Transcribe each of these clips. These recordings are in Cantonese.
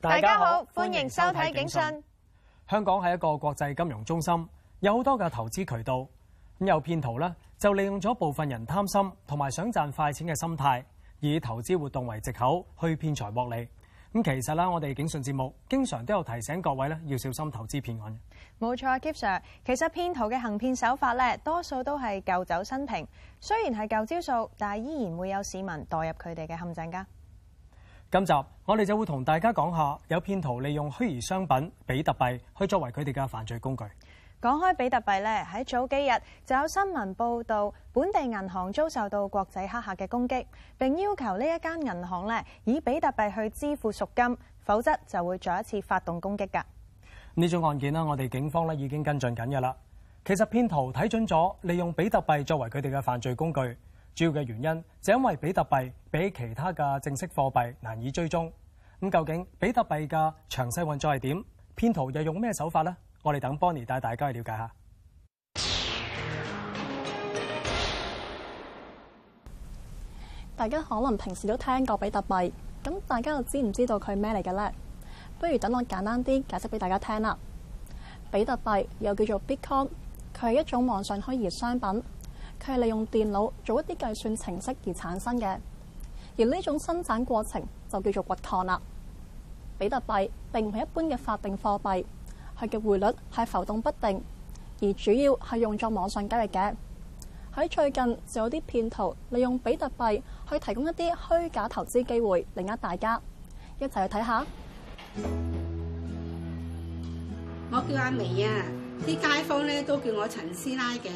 大家好，歡迎收睇警訊。香港係一個國際金融中心，有好多嘅投資渠道。咁有騙徒咧，就利用咗部分人貪心同埋想賺快錢嘅心態，以投資活動為藉口去騙財獲利。咁其實啦，我哋警訊節目經常都有提醒各位咧，要小心投資騙案。冇錯啊，阿 Kip Sir，其實騙徒嘅行騙手法咧，多數都係舊酒新瓶。雖然係舊招數，但依然會有市民墮入佢哋嘅陷阱㗎。今集我哋就會同大家講下，有騙徒利用虛擬商品比特幣去作為佢哋嘅犯罪工具。講開比特幣咧，喺早幾日就有新聞報道，本地銀行遭受到國際黑客嘅攻擊，並要求這一銀呢一間銀行咧以比特幣去支付贖金，否則就會再一次發動攻擊㗎。呢種案件我哋警方咧已經跟進緊㗎啦。其實騙徒睇準咗，利用比特幣作為佢哋嘅犯罪工具。主要嘅原因就因為比特幣比其他嘅正式貨幣難以追蹤，咁究竟比特幣嘅詳細運作係點，騙徒又用咩手法咧？我哋等 Bonnie 帶大家去了解一下。大家可能平時都聽過比特幣，咁大家又知唔知道佢咩嚟嘅咧？不如等我簡單啲解釋俾大家聽啦。比特幣又叫做 Bitcoin，佢係一種網上虛擬商品。佢係利用電腦做一啲計算程式而產生嘅，而呢種生產過程就叫做掘礦啦。比特幣並唔係一般嘅法定貨幣，佢嘅匯率係浮動不定，而主要係用作網上交易嘅。喺最近就有啲騙徒利用比特幣去提供一啲虛假投資機會嚟呃大家，一齊去睇下。我叫阿美啊，啲街坊咧都叫我陳師奶嘅。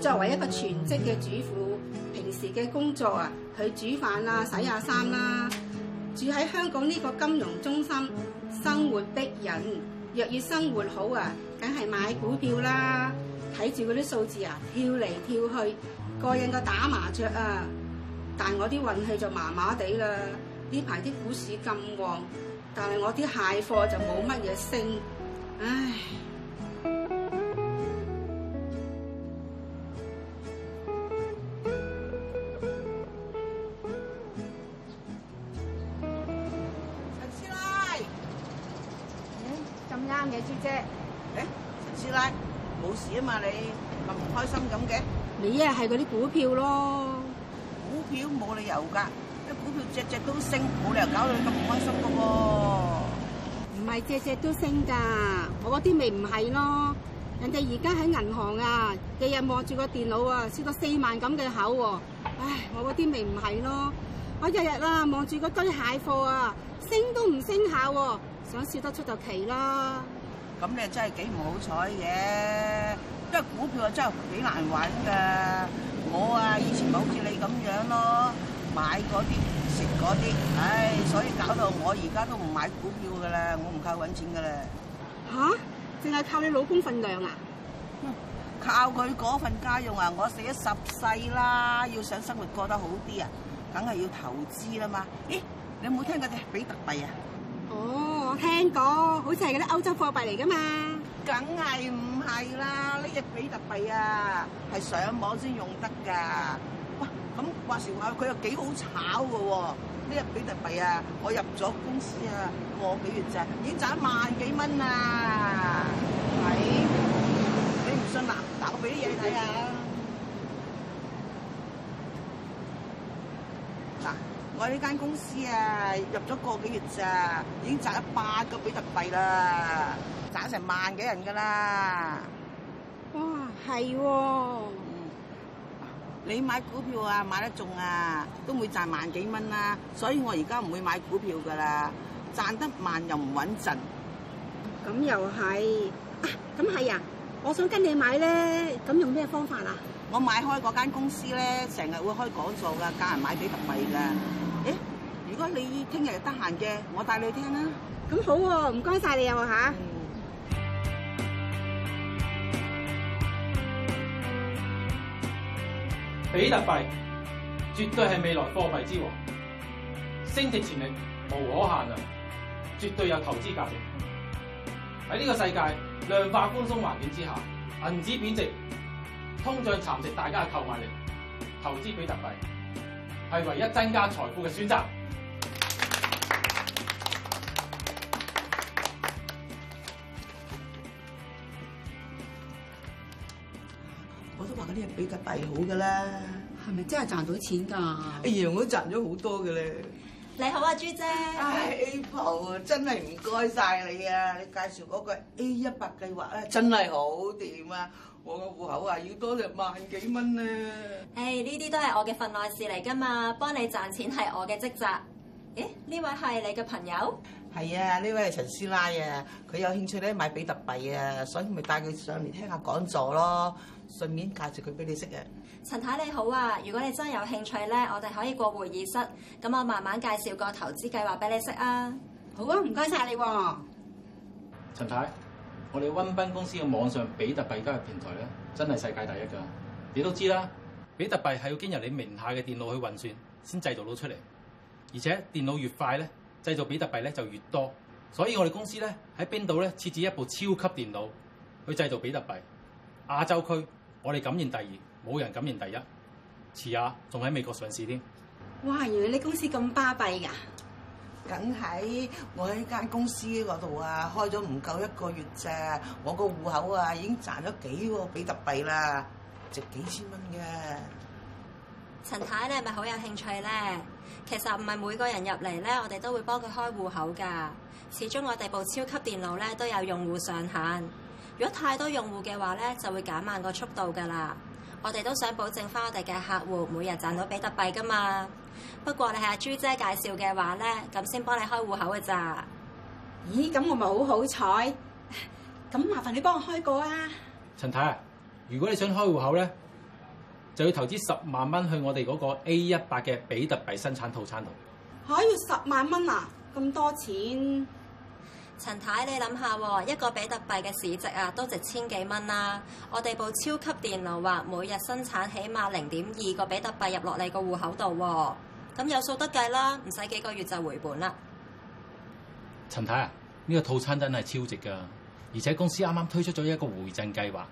作為一個全職嘅主婦，平時嘅工作啊，去煮飯啦、洗下衫啦。住喺香港呢個金融中心生活逼人，若要生活好啊，梗係買股票啦，睇住嗰啲數字啊，跳嚟跳去，過癮過打麻雀啊。但我啲運氣就麻麻地啦。呢排啲股市咁旺，但係我啲蟹貨就冇乜嘢升，唉。嘛，你咪唔開心咁嘅？你啊，係嗰啲股票咯，股票冇理由㗎，啲股票隻隻都升，冇理由搞到你咁唔開心㗎喎。唔係隻隻都升㗎，我嗰啲咪唔係咯。人哋而家喺銀行啊，日日望住個電腦啊，笑到四萬咁嘅口喎。唉，我嗰啲咪唔係咯。我日日啊望住嗰堆蟹貨啊，升都唔升下喎，想笑得出就奇啦。咁你真係幾唔好彩嘅，因為股票啊真係幾難玩噶。我啊以前唔好似你咁樣咯，買嗰啲食嗰啲，唉，所以搞到我而家都唔買股票噶啦，我唔夠搵錢噶啦。吓？啊，淨係靠你老公份量啊？靠佢嗰份家用啊！我死咗十世啦，要想生活過得好啲啊，梗係要投資啦嘛。咦，你有冇聽過隻比特幣啊？哦，聽過，好似係嗰啲歐洲貨幣嚟噶嘛？梗係唔係啦！呢隻比特幣啊，係上網先用得噶。哇，咁話時話佢又幾好炒噶喎！呢隻比特幣啊，我入咗公司啊個幾月咋，已經賺一萬幾蚊啦！係，你唔信啦，嗱，我俾啲嘢你睇下。我呢間公司啊，入咗個幾月咋，已經賺咗八個比特幣啦，賺成萬幾人噶啦！哇，係喎！你買股票啊，買得中啊，都會賺萬幾蚊啦，所以我而家唔會買股票噶啦，賺得萬又唔穩陣。咁又係，咁係啊！我想跟你買咧，咁用咩方法啊？我買開嗰間公司咧，成日會開講座噶，教人買比特幣噶。如果你聽日得閒嘅，我帶你聽啦。咁好喎、啊，唔該晒你呀、啊、吓、嗯。比特幣絕對係未來貨幣之王，升值潛力無可限量，絕對有投資價值。喺呢個世界量化寬鬆環境之下，銀紙貶值、通脹蠶食大家嘅購買力，投資比特幣係唯一增加財富嘅選擇。話嗰啲比特幣好噶啦，係咪真係賺到錢噶？哎呀，我都賺咗好多嘅咧！你好啊，朱姐。哎，Apple 啊，真係唔該晒你啊！你介紹嗰個 A100 計劃咧，真係好掂啊！我個戶口啊，要多咗萬幾蚊啊。哎，呢啲都係我嘅份內事嚟，噶嘛，幫你賺錢係我嘅職責。咦、哎，呢位係你嘅朋友？係啊，呢位係陳師奶啊，佢有興趣咧買比特幣啊，所以咪帶佢上嚟聽下講座咯。順便介紹佢俾你識嘅。陳太你好啊，如果你真係有興趣咧，我哋可以過會議室，咁我慢慢介紹個投資計劃俾你識啊。好啊，唔該晒你喎、啊。陳太，我哋溫彬公司嘅網上比特幣交易平台咧，真係世界第一㗎。你都知啦，比特幣係要經由你名下嘅電腦去運算，先製造到出嚟。而且電腦越快咧，製造比特幣咧就越多。所以我哋公司咧喺邊度咧設置一部超級電腦去製造比特幣，亞洲區。我哋感染第二，冇人感染第一。遲啊，仲喺美國上市添。哇！原來你公司咁巴閉㗎。梗係我喺間公司嗰度啊，開咗唔夠一個月啫。我個戶口啊，已經賺咗幾個比特幣啦，值幾千蚊嘅。陳太，你係咪好有興趣咧？其實唔係每個人入嚟咧，我哋都會幫佢開戶口㗎。始終我哋部超級電腦咧都有用戶上限。如果太多用戶嘅話咧，就會減慢個速度噶啦。我哋都想保證翻我哋嘅客戶每日賺到比特幣噶嘛。不過你係阿朱姐介紹嘅話咧，咁先幫你開戶口嘅咋。咦，咁我咪好好彩？咁麻煩你幫我開個啊！陳太啊，如果你想開戶口咧，就要投資十萬蚊去我哋嗰個 A100 嘅比特幣生產套餐度。吓，要十萬蚊啊！咁多錢？陳太，你諗下喎，一個比特幣嘅市值啊，都值千幾蚊啦。我哋部超級電腦話，每日生產起碼零點二個比特幣入落你個戶口度喎。咁有數得計啦，唔使幾個月就回本啦。陳太啊，呢個套餐真係超值㗎，而且公司啱啱推出咗一個回贈計劃，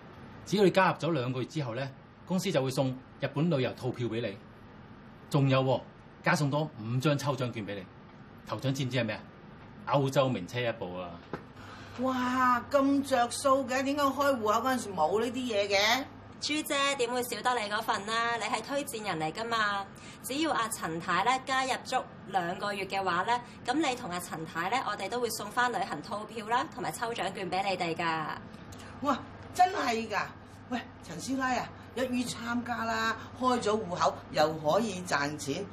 只要你加入咗兩個月之後咧，公司就會送日本旅遊套票俾你，仲有加送多五張抽獎券俾你，頭獎知唔知係咩啊？歐洲名車一部啊！哇，咁着數嘅，點解開戶口嗰陣時冇呢啲嘢嘅？珠姐點會少得你嗰份啊？你係推薦人嚟㗎嘛？只要阿陳太咧加入足兩個月嘅話咧，咁你同阿陳太咧，我哋都會送翻旅行套票啦，同埋抽獎券俾你哋㗎。哇！真係㗎，喂，陳師奶啊，一於參加啦，開咗戶口又可以賺錢。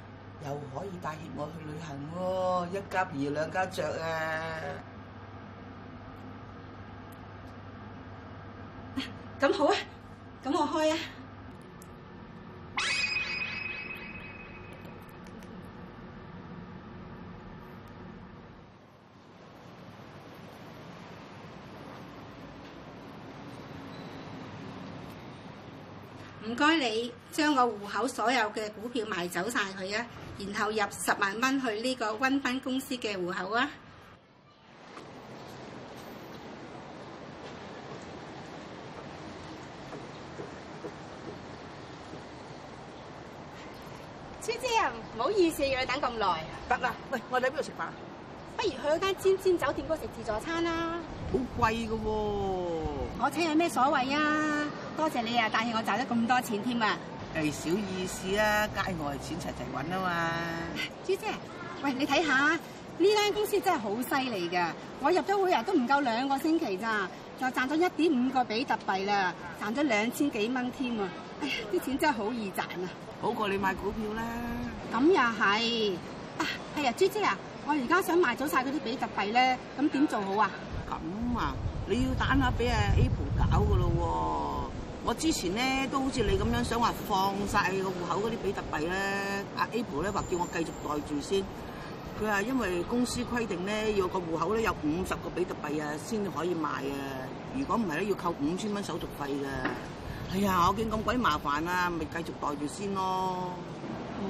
又可以帶熱我去旅行喎，一家便宜兩家著啊！咁好啊，咁我開啊！唔該你將我戶口所有嘅股票賣走曬佢啊！然後入十萬蚊去呢個溫分公司嘅戶口啊！姐啊，唔好意思，要你等咁耐。得啦，喂，我哋喺邊度食飯？不如去嗰間尖尖酒店嗰度食自助餐啦！好貴㗎喎！我請有咩所謂啊？多謝你啊，帶挈我賺咗咁多錢添啊！誒，小意思啦，街外錢齊齊揾啊嘛！朱姐，喂，你睇下呢間公司真係好犀利噶！我入咗會啊，都唔夠兩個星期咋，就賺咗一點五個比特幣啦，賺咗兩千幾蚊添喎！哎，啲錢真係好易賺啊，好過你買股票啦！咁又係啊！哎呀，朱姐啊，我而家想賣咗晒嗰啲比特幣咧，咁點做好啊？咁啊，你要打下俾阿 Apple 搞噶咯喎！我之前咧都好似你咁樣想話放曬個戶口嗰啲比特幣咧，阿 Apple 咧話叫我繼續袋住先。佢話因為公司規定咧，要個戶口咧有五十個比特幣啊，先可以賣啊。如果唔係咧，要扣五千蚊手續費㗎。哎呀，我見咁鬼麻煩啊，咪繼續袋住先咯。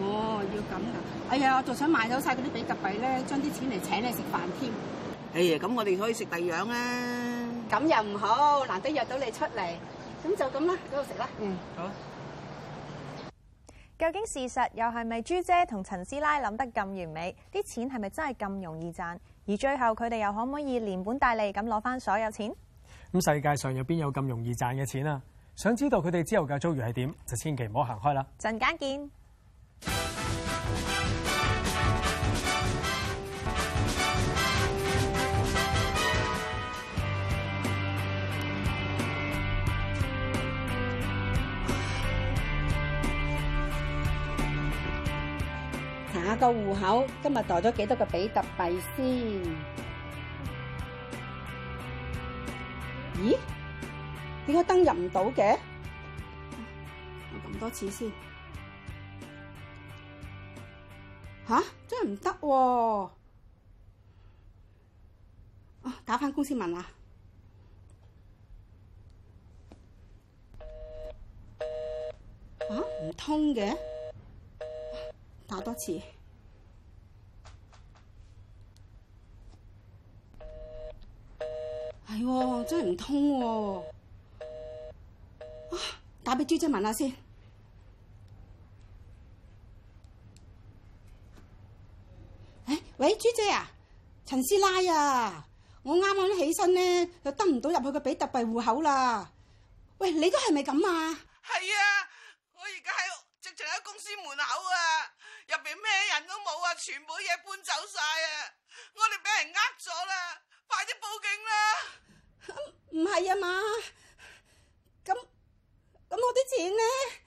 哦，要咁㗎。哎呀，我仲想賣走曬嗰啲比特幣咧，將啲錢嚟請你食飯添。哎呀，咁我哋可以食第二樣啊。咁又唔好，難得約到你出嚟。咁就咁啦，嗰度食啦。嗯。好啦，究竟事實又係咪朱姐同陳師奶諗得咁完美？啲錢係咪真係咁容易賺？而最後佢哋又可唔可以連本帶利咁攞翻所有錢？咁世界上又有邊有咁容易賺嘅錢啊？想知道佢哋之後嘅遭遇係點，就千祈唔好行開啦。陣間見。哪個戶口今日袋咗幾多個比特幣先？咦？點解登入唔到嘅？我撳多次先。吓、啊，真係唔得喎！打返公司問啦。啊，唔通嘅、啊？打多次。係喎、哦，真係唔通喎、哦！打俾朱姐問下先。誒，喂，朱姐啊，陳師奶啊，我啱啱起身呢，就登唔到入去個比特幣戶口啦。喂，你都係咪咁啊？係啊，我而家喺直情喺公司門口啊。入邊咩人都冇啊，全部嘢搬走晒啊！我哋俾人呃咗啦，快啲報警啦！唔係啊嘛，咁咁我啲錢呢？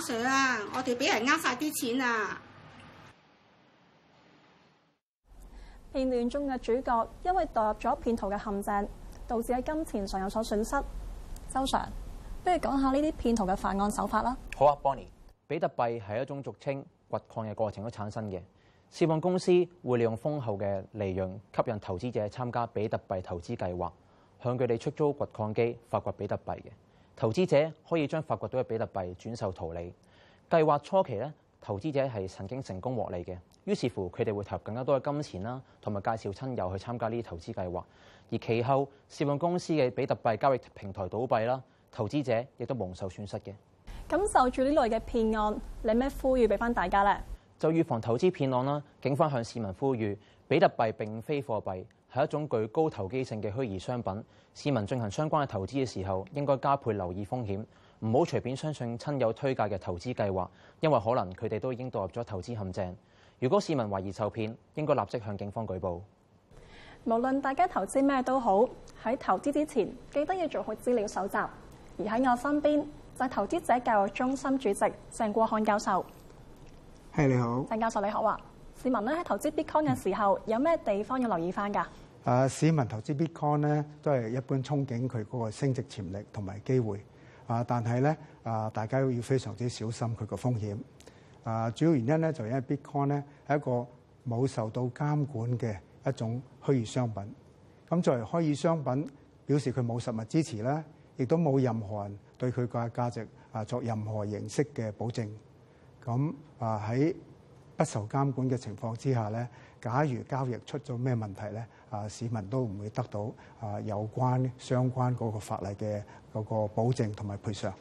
Sir 啊，我哋俾人呃晒啲錢啊！片段中嘅主角因為墮入咗騙徒嘅陷阱，導致喺金錢上有所損失。周 Sir，不如講下呢啲騙徒嘅犯案手法啦。好啊，Bonnie，比特幣係一種俗稱掘礦嘅過程都產生嘅。涉案公司會利用豐厚嘅利潤吸引投資者參加比特幣投資計劃，向佢哋出租掘礦機發掘比特幣嘅。投資者可以將發掘到嘅比特幣轉售圖利。計劃初期咧，投資者係曾經成功獲利嘅，於是乎佢哋會投入更加多嘅金錢啦，同埋介紹親友去參加呢啲投資計劃。而其後，涉案公司嘅比特幣交易平台倒閉啦，投資者亦都蒙受損失嘅。咁受住呢類嘅騙案，你咩呼籲俾翻大家咧？就預防投資騙案啦，警方向市民呼籲：比特幣並非貨幣。係一種具高投機性嘅虛擬商品，市民進行相關嘅投資嘅時候，應該加倍留意風險，唔好隨便相信親友推介嘅投資計劃，因為可能佢哋都已經墮入咗投資陷阱。如果市民懷疑受騙，應該立即向警方舉報。無論大家投資咩都好，喺投資之前，記得要做好資料搜集。而喺我身邊，就係投資者教育中心主席鄭國漢教授。Hey，你好。鄭教授你好啊。市民咧喺投資 Bitcoin 嘅時候，有咩地方要留意翻㗎？啊，市民投資 Bitcoin 咧，都係一般憧憬佢個升值潛力同埋機會。啊，但係咧，啊，大家都要非常之小心佢個風險。啊，主要原因咧，就因為 Bitcoin 咧係一個冇受到監管嘅一種虛擬商品。咁作為虛擬商品，表示佢冇實物支持咧，亦都冇任何人對佢個價值啊作任何形式嘅保證。咁啊喺不受監管嘅情況之下咧，假如交易出咗咩問題咧，啊市民都唔會得到啊有關相關嗰個法例嘅嗰個保證同埋賠償。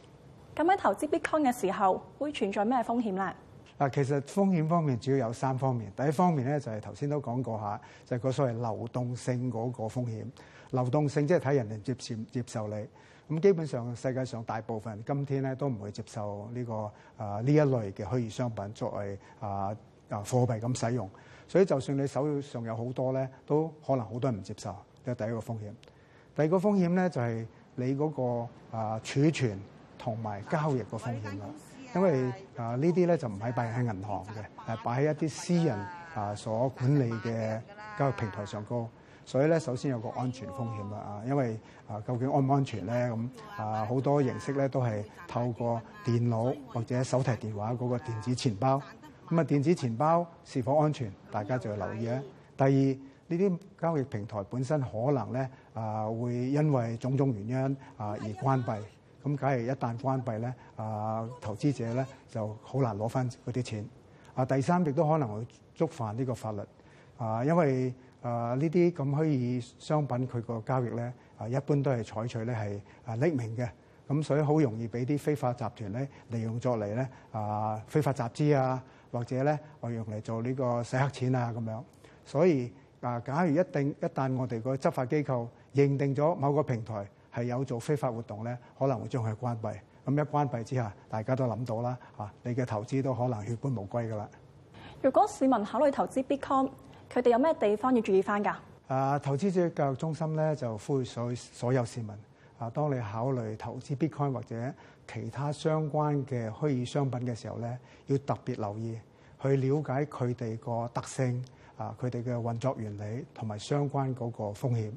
咁喺投資 Bitcoin 嘅時候，會存在咩風險咧？嗱，其實風險方面主要有三方面。第一方面咧就係頭先都講過下，就係個所謂流動性嗰個風險。流動性即係睇人哋接受接受你。咁基本上世界上大部分人，今天咧都唔會接受呢個啊呢一類嘅虛擬商品作為啊。啊，貨幣咁使用，所以就算你手上有好多咧，都可能好多人唔接受，呢個第一個風險。第二個風險咧就係你嗰個啊儲存同埋交易個風險啦，因為啊呢啲咧就唔係擺喺銀行嘅，係擺喺一啲私人啊所管理嘅交易平台上高，所以咧首先有個安全風險啦啊，因為啊究竟安唔安全咧，咁啊好多形式咧都係透過電腦或者手提電話嗰個電子錢包。咁啊，電子錢包是否安全？大家就要留意咧。第二，呢啲交易平台本身可能咧啊，會因為種種原因啊而關閉。咁，假如一旦關閉咧啊，投資者咧就好難攞翻嗰啲錢啊。第三，亦都可能會觸犯呢個法律啊，因為啊，呢啲咁虛擬商品佢個交易咧啊，一般都係採取咧係匿名嘅，咁所以好容易俾啲非法集團咧利用作嚟咧啊非法集資啊。或者咧，我用嚟做呢個洗黑錢啊，咁樣。所以啊，假如一定一旦我哋個執法機構認定咗某個平台係有做非法活動咧，可能會將佢關閉。咁一關閉之下，大家都諗到啦，啊，你嘅投資都可能血本無歸噶啦。如果市民考慮投資 Bitcoin，佢哋有咩地方要注意翻㗎？啊，投資者教育中心咧，就呼籲所所有市民。啊，當你考慮投資 Bitcoin 或者其他相關嘅虛擬商品嘅時候咧，要特別留意去了解佢哋個特性啊，佢哋嘅運作原理同埋相關嗰個風險。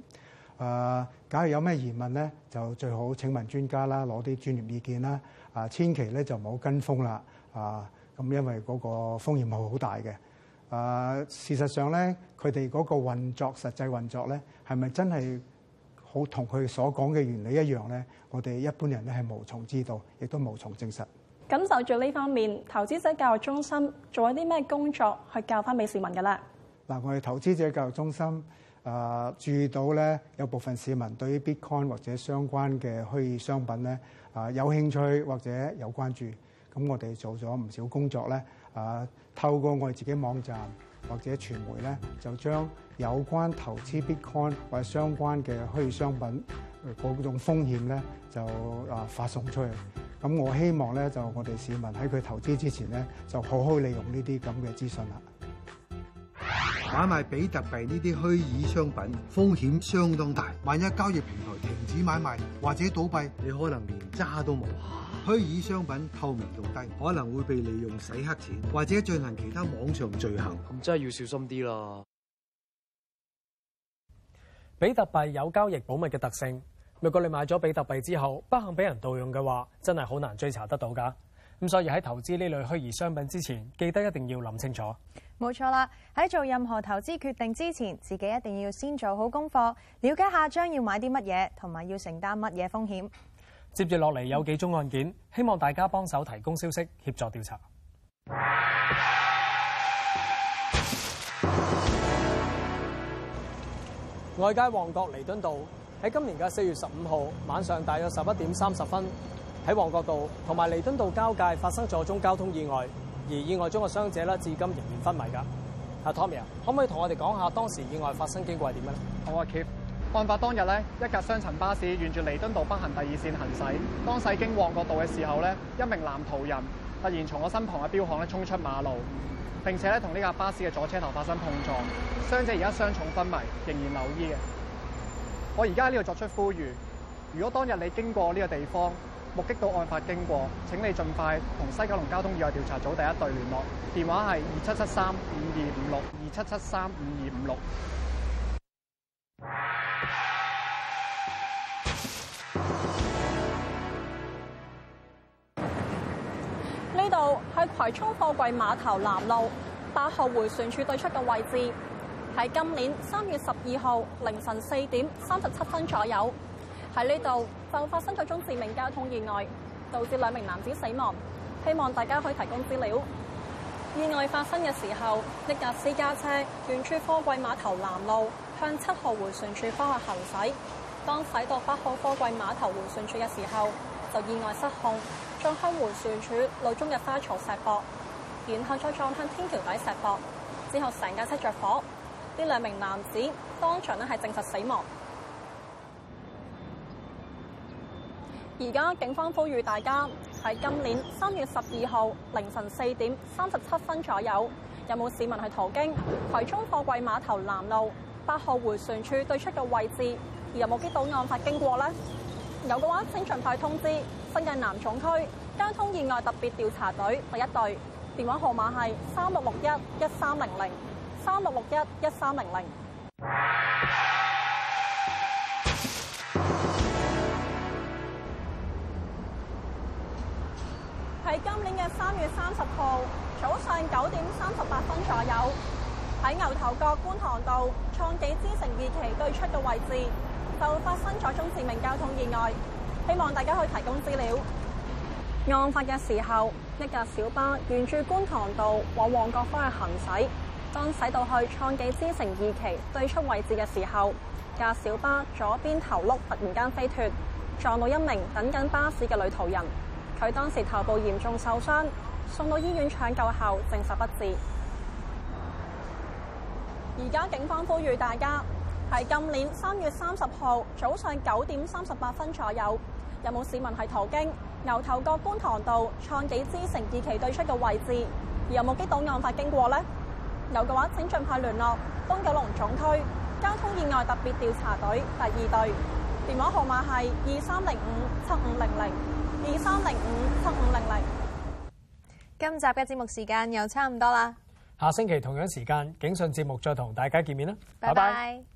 啊，假如有咩疑問咧，就最好請問專家啦，攞啲專業意見啦。啊，千祈咧就唔好跟風啦。啊，咁因為嗰個風險係好好大嘅。啊，事實上咧，佢哋嗰個運作實際運作咧，係咪真係？好同佢所講嘅原理一樣咧，我哋一般人咧係無從知道，亦都無從證實。咁就做呢方面，投資者教育中心做咗啲咩工作去教翻俾市民噶啦？嗱，我哋投資者教育中心啊，注意到咧有部分市民對於 Bitcoin 或者相關嘅虛擬商品咧啊有興趣或者有關注，咁我哋做咗唔少工作咧啊，透過我哋自己網站。或者傳媒咧，就將有關投資 Bitcoin 或相關嘅虛擬商品嗰種風險咧，就啊發送出去。咁我希望咧，就我哋市民喺佢投資之前咧，就好好利用呢啲咁嘅資訊啦。買賣比特幣呢啲虛擬商品風險相當大，萬一交易平台停止買賣或者倒閉，你可能連渣都冇。虛擬商品透明度低，可能會被利用洗黑錢，或者進行其他網上罪行。咁真係要小心啲咯。比特幣有交易保密嘅特性，如果你買咗比特幣之後，不幸俾人盜用嘅話，真係好難追查得到㗎。咁所以喺投資呢類虛擬商品之前，記得一定要諗清楚。冇錯啦，喺做任何投資決定之前，自己一定要先做好功課，了解下將要買啲乜嘢，同埋要承擔乜嘢風險。接住落嚟有幾宗案件，希望大家幫手提供消息協助調查。外界旺角彌敦道，喺今年嘅四月十五號晚上大約十一點三十分，喺旺角道同埋彌敦道交界發生咗宗交通意外，而意外中嘅傷者咧至今仍然昏迷噶。阿 Tommy 啊，可唔可以同我哋講下當時意外發生經過係點樣咧？好啊，Keep。案發當日咧，一架雙層巴士沿住彌敦道北行第二綫行駛，當駛經旺角道嘅時候咧，一名男途人突然從我身旁嘅標巷咧衝出馬路，並且咧同呢架巴士嘅左車頭發生碰撞，傷者而家傷重昏迷，仍然留醫嘅。我而家喺呢度作出呼籲：如果當日你經過呢個地方，目擊到案發經過，請你盡快同西九龍交通意外調查組第一隊聯絡，電話係二七七三五二五六二七七三五二五六。呢度係葵涌貨櫃碼頭南路八號回旋處對出嘅位置，喺今年三月十二號凌晨四點三十七分左右，喺呢度就發生咗宗致命交通意外，導致兩名男子死亡。希望大家可以提供資料。意外發生嘅時候，一架私家車沿住貨櫃碼頭南路向七號回旋處方向行駛，當駛到八號貨櫃碼頭回旋處嘅時候，就意外失控。撞向迴旋處路中嘅花槽石博，然後再撞向天橋底石博，之後成架車着火，呢兩名男子當場咧係證實死亡。而家警方呼籲大家喺今年三月十二號凌晨四點三十七分左右，有冇市民去途經葵涌貨櫃碼頭南路八號迴旋處對出嘅位置？而有冇見到案發經過呢？有嘅話，請盡快通知。新界南總區交通意外特別調查隊第一隊電話號碼係，三六六一一三零零三六六一一三零零。喺 今年嘅三月三十號早上九點三十八分左右，喺牛頭角觀塘道創紀之城二期對出嘅位置，就發生咗宗致命交通意外。希望大家可以提供資料。案發嘅時候，一、那、架、個、小巴沿住觀塘道往旺角方向行駛，當駛到去創紀之城二期對出位置嘅時候，架、那個、小巴左邊頭轆突然間飛脫，撞到一名等緊巴士嘅女途人，佢當時頭部嚴重受傷，送到醫院搶救後證實不治。而家警方呼籲大家，係今年三月三十號早上九點三十八分左右。有冇市民係途經牛頭角觀塘道創紀之城二期對出嘅位置？而有冇擊到案發經過呢？有嘅話，請盡快聯絡東九龍總區交通意外特別調查隊第二隊，電話號碼係二三零五七五零零，二三零五七五零零。今集嘅節目時間又差唔多啦，下星期同樣時間，警訊節目再同大家見面啦，拜拜。Bye bye